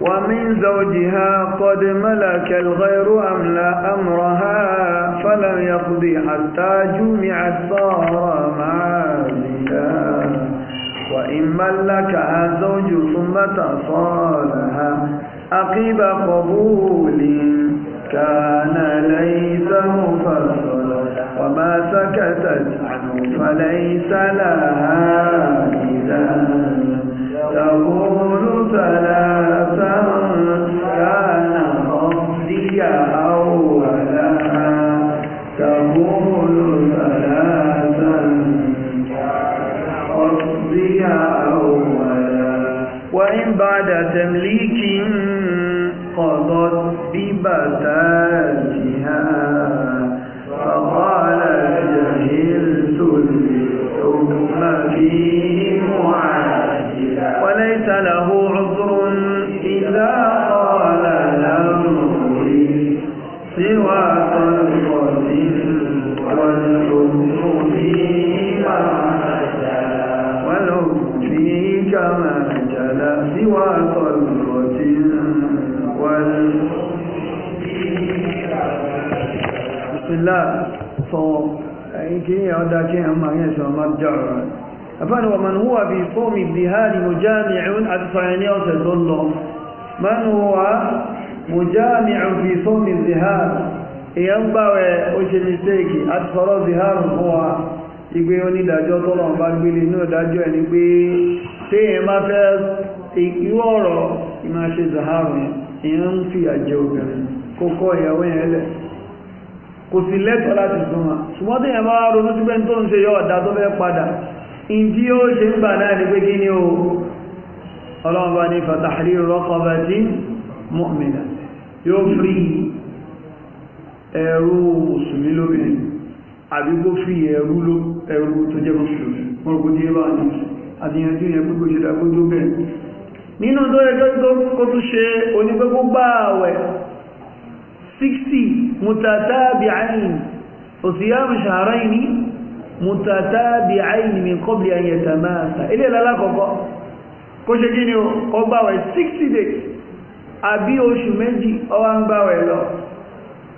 ومن زوجها قد ملك الغير أم لا أمرها فلم يقضي حتى جمعت صار معادها وإن ملكها زوج ثم تصالها أقيب قبول كان ليس مفصلا وما سكتت عنه فليس لها إذا تقول ثلاثا كان قصدي أولها تقول ثلاثا قصدي أولها وإن بعد تمليك قضت ببتاتها فقال جهلت الحكم فيه له عذر إذا قال لمري سوى القتل والحكم فيما تلا والحكم فيه كما تلا سواك بسم الله so kí ọdá kí ẹ máa yẹn sọ àfáàní wà man huwa bí fọ́ọ̀mì dhihani mujami'un àti fàyẹ̀ní ọ̀sẹ̀ tó lọ man huwa mujami'un fi fọ́ọ̀mì dhihani èyàn gbáwẹ̀ ó ṣe mistake àti sọ̀rọ̀ dhihani fún wa igbe onídàájọ́ tọ́lọ̀ bá gbélé inú ìdájọ́ ẹni pé téèyàn bá fẹ́ irú ọ̀rọ̀ ìmá ṣe zaharu fi àjẹ obìnrin kó kọ́ ìyàwó yẹn kò sì lẹ́tọ̀ọ́ láti súnmọ́ ṣùgbọ́n téèyàn bá ronú síbẹ̀ tó ń ṣe yọ ọ̀dà tó fẹ́ padà ìdí ó ṣe ń gbà náà ní pé kí ni ó ọlọ́run bá ní fàtàlì rọ́kọ̀bá tí mọ́mìnà yóò frí ẹrú mùsùlùmí lóbìnrin àbí kó frí ẹrú tó jẹ́ mùsùlùmí mọ́rùkú tí bá ní àdíyànjú yẹn mutatabi'ain taa qabli an yatamasa ilé ìlàlá kọ̀kọ́ kó ṣe kí ni ó gbàwẹ̀ 60 days àbí oṣù méjì ọwá ń gbàwẹ̀ lọ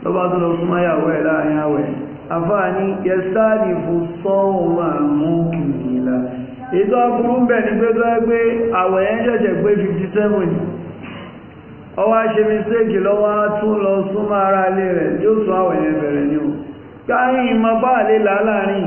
lọ́bá tó lọ súnmọ́ yàwó ẹ̀ láàrin àwẹ̀ àfáàní yẹsáàdì fún sọ́ọ̀mà mú kìnnìlá ètò aburú ń bẹ̀ ní pé tó 57 ọwá ṣe mistake lọ́wọ́ tún lọ súnmọ́ ara ilé rẹ̀ yóò sún àwẹ̀ yẹn bẹ̀rẹ̀ ni ó káyìn mọ́ bá àlè láàárín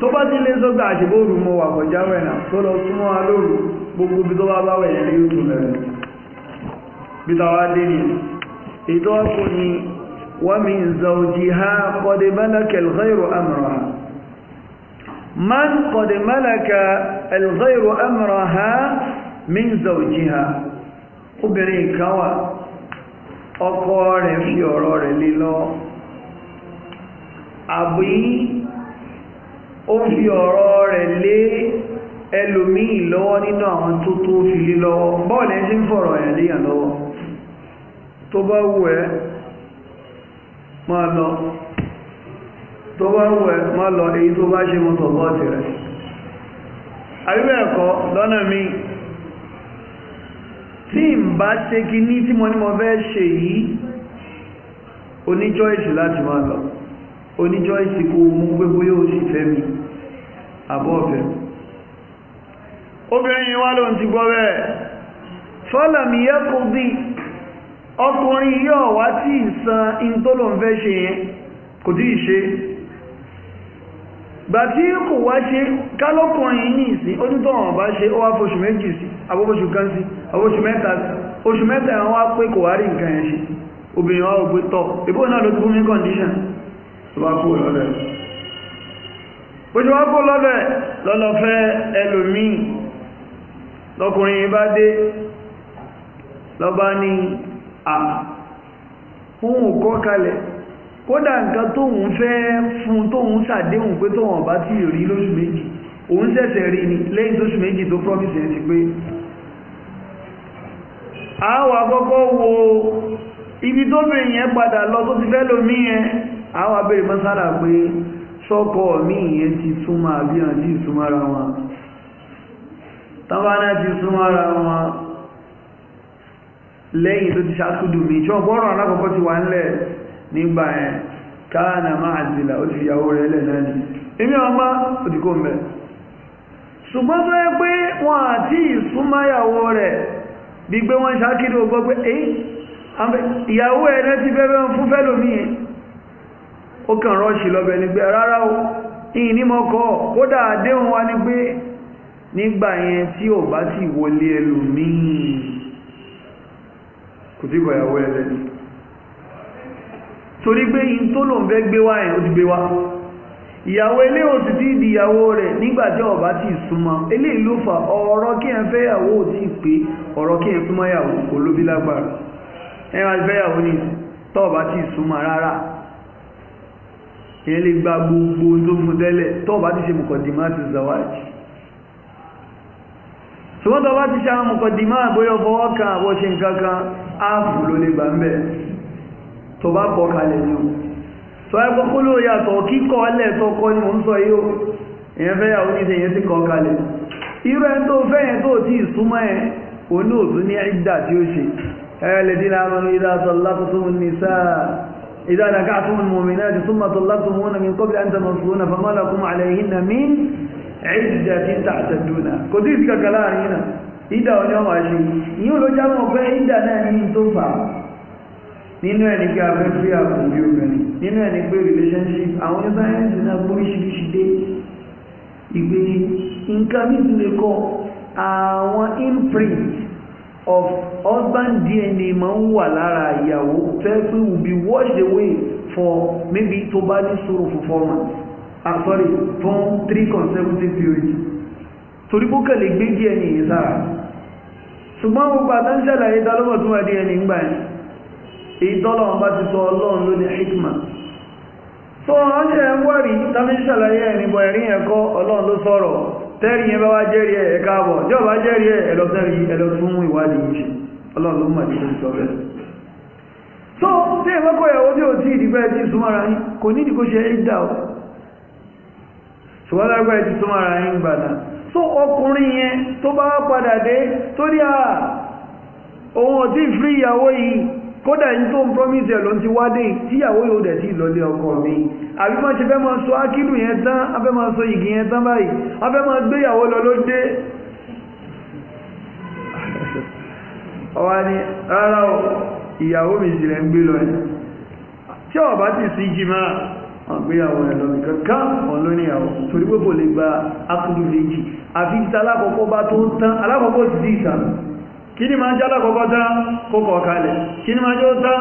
tó bá ti lé sọ́gbà àṣìbò òru mọ́ wà kọjá wẹ̀nà tó lọ súnmọ́ alóòrù gbogbo bí tó bá bá wẹ̀ ní oṣù mẹ́rin bí tàwa dé ní ètò ọkọ̀ ni wọ́n mi ń zọ òjì ha kọ́dé mẹ́lẹ́kẹ̀ lọ́yìrò àmàrà man kọ́dé mẹ́lẹ́kẹ̀ lọ́yìrò àmàrà ha mi ń zọ òjì ha obìnrin kan wà ọkọ rẹ̀ fi ọ̀rọ̀ rẹ̀ lé lọ ó fi ọ̀rọ̀ rẹ̀ lé ẹlòmíì lọ́wọ́ nínú àwọn tó tó fi lé lọ́wọ́ bọ́ọ̀lù ẹ ṣe ń fọ̀rọ̀ ẹ̀ léyàn lọ́wọ́ tó bá wù ẹ́ máa lọ tó bá wù ẹ́ máa lọ èyí tó bá ṣe mọ́tò bọ́ọ̀tì rẹ̀ àríwẹ̀ ẹ̀kọ́ lọ́nà mi tí n bá ṣe kí ní tí mo ní mo fẹ́ ṣe yìí oní choice láti máa lọ oníjọ́ ìsìnkú mú pé bóyá ó sì fẹ́ mi àbọ́ ọ̀fẹ́ obìnrin wá ló ń ti gbọ́ bẹ́ẹ̀ fọ́lọ̀mí yẹ́ bí ọkùnrin yóò wá tí ìsan intolo ń fẹ́ ṣe yẹn kò tí ì ṣe gbà tí kò wá ṣe kálọ́kùnrin ní ìsìn onítọ̀wọ̀n bá ṣe ó wá fóṣù méjì sí abóṣù kan sí abóṣù mẹ́ta sí oṣù mẹ́ta ẹ̀wọ́n wá pé obìnrin wá ògbé tọ̀ ìbò náà ló ti fún mi condition tó bá kú lọ́dọ̀ ẹ̀ lọ́lọ́ fẹ́ bá dé lọ́bá ní à ohun kọ́ kalẹ̀ kódà nǹkan fẹ́ fún ni lẹ́yìn tóṣù méjì tó promise ẹ̀ a wo ibi tó bèèyàn padà lọ tó ti fẹ́ lómi àwọn abẹ́rẹ́ mọ́sálà pé sọ́kọ̀ mí ihe ti súnmọ́ àbí hàn tí ìsúnmọ́ra wọn tánbáná ti ara wọn lẹ́yìn tó ti ṣàtúdù mi tí wọ́n gbọ́rọ̀ alákọ̀ọ́kọ́ ti wà nle nígbà ẹ̀ káàna máa zìlà ó ti yàwó rẹ̀ lẹ̀ náà ni èmi ọmọ ó ti kó mẹ́ ṣùgbọ́n tó yẹ pé wọ́n àti ìsúnmáyàwó rẹ̀ bí gbé wọ́n ṣàkídò gbọ́ pé ìyàwó ẹ̀ náà ti bẹ́ẹ̀ ó kàn rọ́ọ̀ṣì lọ́bẹ̀ ní pé rárá o ìyìn ní mọ́ kọ́ kódà àdéhùn wa ní pé nígbà yẹn tí ò bá sì wọlé ẹlòmíì kò tí kọ̀yàwó ẹlẹ́ni torí pé yìí tó lòun fẹ́ gbé wá yẹn ó ti gbé wá ìyàwó ilé ò sì tí ìdí ìyàwó rẹ̀ nígbàtí ọba ti súnmọ́ ilé ìlú fa ọ̀rọ̀ kí ẹ fẹ́ yàwó ò tí pé ọ̀rọ̀ kí ẹ súnmọ́ yàwó kò lóbi lágbára ẹ máa fẹ́ yàwó ní tọ́ọ̀bá ti súnmọ́ rárá èyàn lè gba gbogbo tó fún tẹ́lẹ̀ tó bá ti ṣe mùkọ̀dìmáàtì zawaji ṣùgbọ́n tó bá ti ṣe àwọn mùkọ̀dìmáà bóyá fọwọ́ kan àbọ̀ ṣe nǹkankan áàfù ló lè gbà ń bẹ̀ tó bá kọ kalẹ̀ ni o tó ẹgbọ́ kó ló yàtọ̀ kíkọ́ ọlẹ̀ tó kọ́ إذا لقعتم المؤمنات ثم طلبتمهن من قبل أن تنصرون فما لكم عليهن من عدة تعتدونها. قديس ككلام هنا إذا ونعم عشي يقول جامع فإذا نعم تنفع نينو يعني كابر فيها كمبيوتر يعني. نينو يعني كبير ريليشن شيب أو يبقى عندنا بوش بشدي يقول إن كان يقول لكم أو يعني إمبرنت of husband DNA ma ń wà lára ìyàwó fẹ́ will be washed away for maybe tó bá ní for fún four months ah sorry fún three consecutive periods torí bó kẹ̀lé DNA sára ṣùgbọ́n gbogbo àtàǹṣẹ́lẹ̀ tún wà DNA ńgbà yẹn èyí bá ti sọ ọlọ́run ló ní hikma tó wọ́n ṣe ń ṣàlàyé ẹ̀rìnbọ̀ ẹ̀rí ẹ̀kọ́ ọlọ́run ló tẹ́rì yẹn bá wá jẹ́rì ẹ̀ ẹ̀ká bọ̀ jọ bá jẹ́rì ẹ̀ ẹlọ́tẹ́rì ẹlọ́tún ìwádìí ṣe ọlọ́run mọ̀ ní sọ bẹ́ẹ̀ so tí ẹ mọ́kọ̀ ìyàwó tí ó tí ìdígbẹ́ ti súnmọ́ra yín kò ní ìdíkó ṣe ìdá ọ̀ ṣùgbọ́n lágbà ti súnmọ́ra yín gbàdá so ọkùnrin yẹn tó bá padà dé torí à ah, òun ò kódà ní tó ń promise ẹ̀ ló ti wádé tíyàwó yóò dẹ̀ sí ìlọlé ọkọ mi àbí máa ṣe fẹ́ máa sọ ákìlù yẹn tán afẹ́ máa sọ ìgì yẹn tán báyìí afẹ́ máa gbéyàwó lọ ló dé ọwá ni rárá o ìyàwó mi sì rẹ̀ ń gbé lọ ẹ̀ tí ọ̀ bá ti sí jìmá àgbéyàwó ẹ̀ lọ nìkan ká wọn ló níyàwó torí pé kò lè gba ákìlù méjì àfi ìta alákọ̀ọ́kọ́ bá tó ń tán alákọ̀ọ́kọ́ ti dì ìsàmù kíní máa ń jálá kọ́kọ́ tá kọ́kọ́ kalẹ̀ kíní máa jọ tá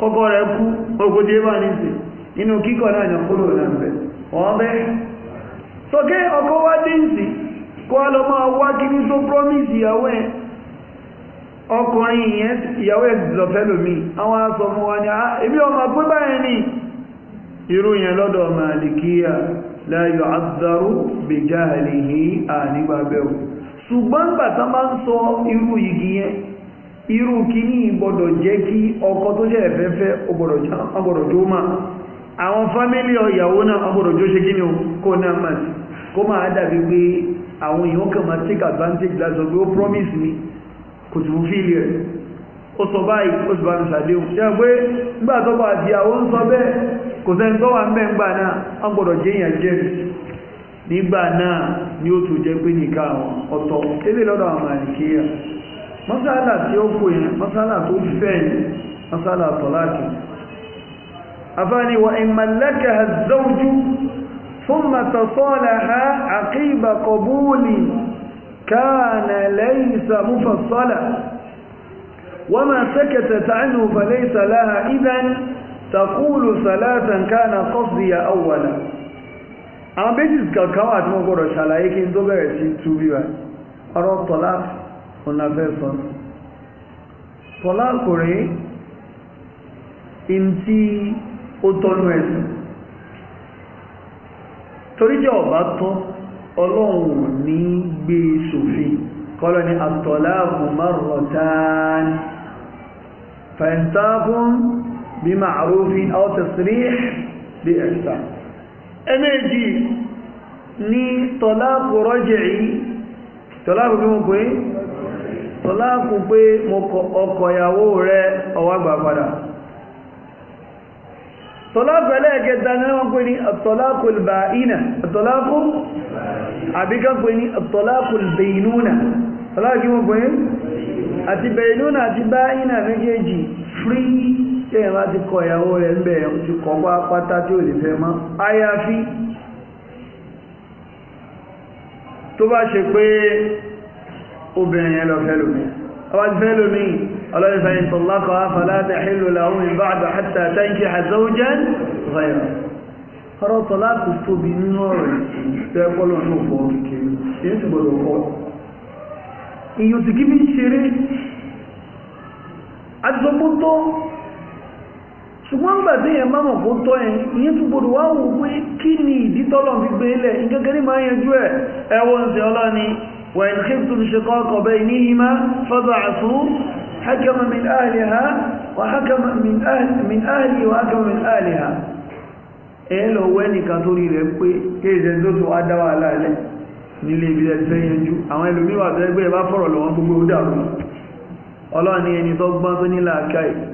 kọ́kọ́ rẹ̀ kú ogójì bá ní sí nínú kíkọ̀ náà yàn kúrò náà bẹ̀ wọ́n bẹ́ sókè ọkọ̀ wá kó a lọ máa wá kíní tó promise ìyàwó ẹ̀ ọkùnrin yẹn ìyàwó ẹ̀ lọ́fẹ́ lómi àwọn aṣọ wa ni ebi ọmọ pé báyẹn ni irú yẹn lọ́dọ̀ ṣùgbọ́n gbà tán bá ń sọ irú igi yẹn irú kìíní gbọ́dọ̀ jẹ́ kí ọkọ tó jẹ́ ẹ̀fẹ́fẹ́ ọgbọ̀dọ̀ jó máa àwọn fámílì ọ̀yàwó náà ọgbọ̀dọ̀ ṣe kíni kó náà máa sí kó máa dàbí pé àwọn èèyàn kan máa take advantage promise me kò tún fíìlì rẹ̀ ó sọ báyìí ó sì bá ń ṣàdéhùn ṣe pé nígbà tó bá àti àwọn ń sọ bẹ́ẹ̀ kò sẹ́ni ń bẹ́ẹ̀ ń gbà nígbà náà ni ó tó jẹ́ pé nìka àwọn ọ̀tọ̀ ilé lọ́dọ̀ àwọn àìkíyà mọ́sálà tí ó kò yẹn mọ́sálà tó fẹ́ yìí mọ́sálà tọ́láàkì afáni wa ìmọ̀lẹ́kẹ̀ àzọ́jú fún màtọ̀sọ́lẹ̀ ha àkíbà kọbúlì káànà lẹ́yìn ìsàmúfàsọ́lẹ̀ àwọn méjìs kankan wà tí wọ́n gbọ́dọ̀ ṣàlàyé kí n tó bẹ̀rẹ̀ sí tú bíbá ọ̀rọ̀ tọ́lá ọ̀nàfẹ́ sọ tọ́lá kò rí in tí ó tọ́nu ẹ̀sìn torí jẹ́ ọ̀bá tọ́ ọlọ́run ní gbé ṣòfin e kọ́lọ̀ ni àtọ̀láàkùn marratan fẹ̀ntákùn bí ma'arufin aw tasrih bí ihsan ẹmẹ́jì ní tọ́láàkù rọ́jẹ̀ yìí tọ́láàkù bí mo pé tọ́láàkù pé ọkọ ìyàwó rẹ ọwá gbà padà tọ́láàkù ẹlẹ́ẹ̀kẹta ní wọ́n pè ní tọ́láàkù ìbàínà tọ́láàkù àbíká pè ní tọ́láàkù ìbẹ̀inúnà tọ́láàkù free tẹ́yìn bá ti kọ ìyàwó rẹ̀ ń bẹ̀ ẹ̀ ti kọ́ wá pátá tí ò lè fẹ́ mọ́ àyàfi tó bá ṣe pé obìnrin yẹn lọ fẹ́ lómi ọba ti fẹ́ lómi ọlọ́rin fẹ́yìn tó lákọ̀ afẹ́lá tẹ̀ hìlò làwọn ìbá àgbà hàtà tẹ́ǹkì àzọ́jẹ́ fẹ́yìn ọ̀rọ̀ tó láti tóbi nínú ọ̀rọ̀ ìfẹ́ kọ́lọ̀ ní òfò kékeré èyí sì gbọdọ̀ kọ́ ìyòtìkí bí ń ṣeré àjọpótó ṣùgbọ́n gbà tí yẹn mámọ̀ fún tọ́ ẹ̀ ìyẹn tún gbọdọ̀ wá wò pé kí ni ìdí tọ́lọ̀ fi gbé ilẹ̀ ìkẹ́kẹ́ ní máa yanjú ẹ̀ ẹwọ́n ṣe ọlọ́ni wà ní kíkún ṣe kọ́kọ̀ bẹ́ ní ìmá àṣú hákẹ́mà min ahliha wa hákẹ́mà min hákẹ́mà min ahliha ẹ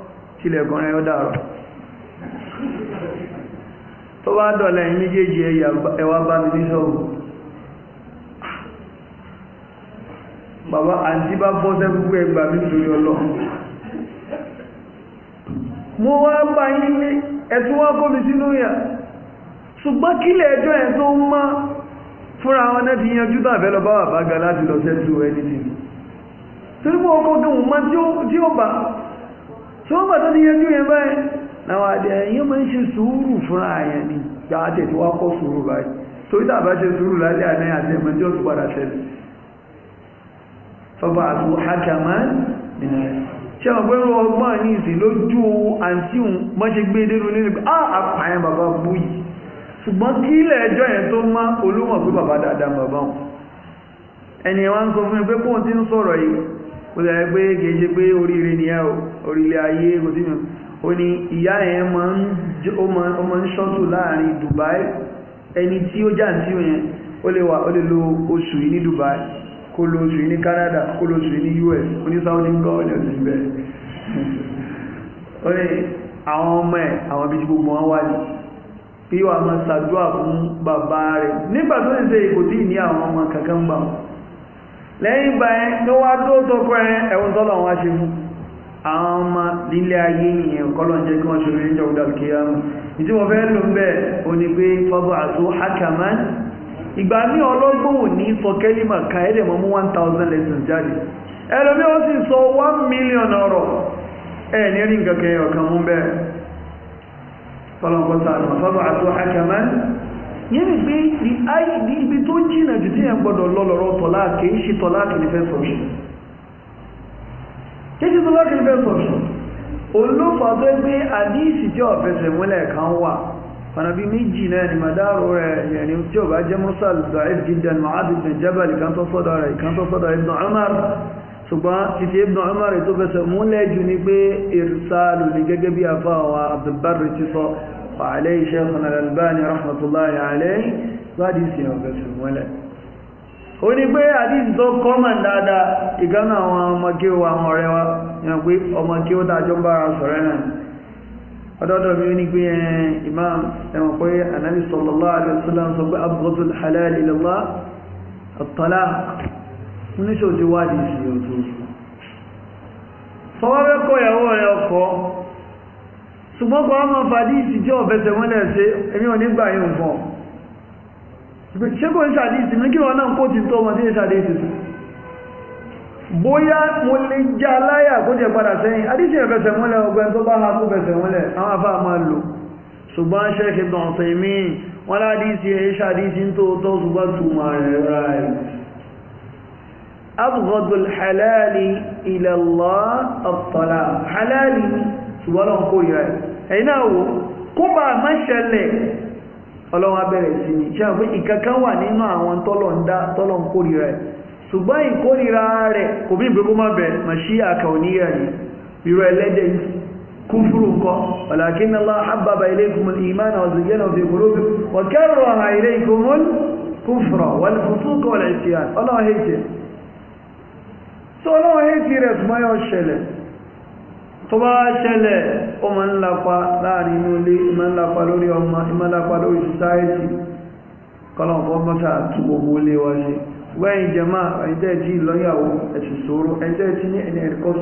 tilẹ̀kùn rẹ̀ ó dàrọ̀ tó bá dọ̀lẹ̀ yìí méjèèjì ẹwà bá mi ní sọ́wọ́ bàbá àti bá ẹgbà mi mo wá bá yín ní ẹ̀tún wá kó mi sínú yà ṣùgbọ́n kílẹ̀ ẹjọ́ ẹ̀ tó ń má fúnra wọn náà ti yanjú lọ bàbá ga láti lọ sẹ́tù ẹni nìyí tí tó bàtà ní yẹjú yẹn bai na àdẹ ẹ̀yìn máa ń ṣe sùúrù ya yẹn ni jáde tí wọ́n kọ́ sùúrù báyìí torí tàbá ṣe sùúrù lálẹ́ àná àti ẹ̀mọ́ tí ó tún padà ṣẹlẹ̀ fọba àtò hakama nìyẹn ṣe ma pé wọ́n ní ìsìn lójú àǹtí mọ́ gbé e dénú nínú pé ah àpààyàn bàbá bú yìí ṣùgbọ́n kí ilẹ̀ ẹjọ́ yẹn tó má olúmọ̀ pé bàbá dáadáa bàbá wọn ẹni wọn ó dẹ̀ pé kìí ṣe pé oríire ni ẹ́ o orílẹ̀ ayé kò sí mi ó ní ìyá yẹn ma ń ṣọ́tù láàrin Dubai ẹni tí ó jà tí yẹn ó lè wà ó lè lo oṣù yìí ní Dubai kó lo oṣù yìí ní Canada kó lo oṣù yìí ní US ó ní Saudi gọ́ọ̀nà sí bẹ́ẹ̀ ó ní àwọn ọmọ ẹ̀ àwọn ibi tí gbogbo wọn wà ní bí wàá máa ṣàdúrà fún bàbá rẹ̀ nígbà tó ń ṣe kò ní àwọn ọmọ kankan gbà wọn lẹ́yìn ìgbà yẹn tó wá tó tó kọ́ ẹ ẹ̀wọ̀n tọ́lọ̀ wá ṣe fún àwọn ọmọ nílé ayé nìyẹn kọ́lọ̀ jẹ́ kí wọ́n ṣe orí ìjọ gbọdọ̀ kí á mú wọ́n fẹ́ lò bẹ́ẹ̀ pé fọ́bọ̀ àtó ìgbà ní sọ one thousand yẹn ni pé di ayé di ibi tó jìnnà jù tí yẹn gbọ́dọ̀ lọ lọ́rọ̀ tọ́lá kì í ṣe tọ́lá kì í fẹ́ sọ̀ṣọ̀ kì í ṣe tọ́lá kì í fẹ́ sọ̀ṣọ̀ olófà tó gbé àdíìsì tí ó fẹsẹ̀ múlẹ̀ kan wà fanabi méjì náà ni madaro rẹ̀ yẹni tí ó bá jẹ́ mursal وعليه شيخنا الألباني رحمة الله عليه gbádìsí ọ̀fẹ́ sí mọ́lẹ̀ ó ní pé àdíjì tó kọ́mọ̀ dáadáa ìgánà àwọn ọmọké wa àwọn ọ̀rẹ́ wa yàn pé ọmọké ó dájọ́ bára sọ̀rẹ́ náà ọdọ́dọ̀ mi ó ní pé imam ẹ̀wọ̀n pé anábì sallallahu alaihi wasallam sọ pé abghadul halal ila Allah at-talaq oníṣòwò ti wádìí sí ọ̀tún sọwọ́fẹ́ kọ́ ìyàwó rẹ̀ ọkọ̀ ṣùgbọ́n kọ́ ọmọ fàdí ìsìjọ́ ọ̀fẹ́sẹ̀ mọ́lẹ̀ ṣe èmi ò nígbà yóò fọ́ ṣe kò ń ṣàdíìsì ní kí wọ́n náà kó ti tó ọmọ tí ń ṣàdíìsì sí bóyá mo lè já aláyà kó jẹ padà sẹ́yìn àdíṣe ẹ̀fẹ́sẹ̀ mọ́lẹ̀ ọgbẹ́ tó bá ha kó fẹsẹ̀ mọ́lẹ̀ àwọn afá máa lò ṣùgbọ́n ṣẹ́kì tọ̀sẹ̀ míì wọ́n ládíìsì ẹ̀ ṣàdíìsì tó tọ́ ṣùgbọ́n túmọ̀ rẹ̀ ráì abghadul halali ila Allah halali ṣùgbọ́n lọ́n kó ẹ̀yin náà wò kó bá a má ṣẹlẹ̀ ọlọ́wọ́n abẹ́rẹ̀ sí ni ṣe àfihàn ìkankan wà nínú àwọn tọ́lọ̀ ń dá tọ́lọ̀ ń kórìíra ẹ̀ ṣùgbọ́n ìkórìíra rẹ̀ kò bí ìgbé kó má bẹ̀ mà sí àkà òníyà yìí ìrọ̀ ẹlẹ́dẹ̀ kúfúrú nǹkan ọ̀làkínà àbábà ilé ìkùnmọ̀ ìmáà náà tó bá ṣẹlẹ̀ ó máa ń lapa láàrin inú ilé ìmọ̀ ń lapa lórí ọmọ ń lapa lórí society kọlọ̀n fún mọ́ta tó gbogbo ilé wa ṣe wẹ́yìn jẹ́mà ẹ̀jẹ̀ tí soro ẹ̀sùn sòrò ẹ̀jẹ̀ tí ní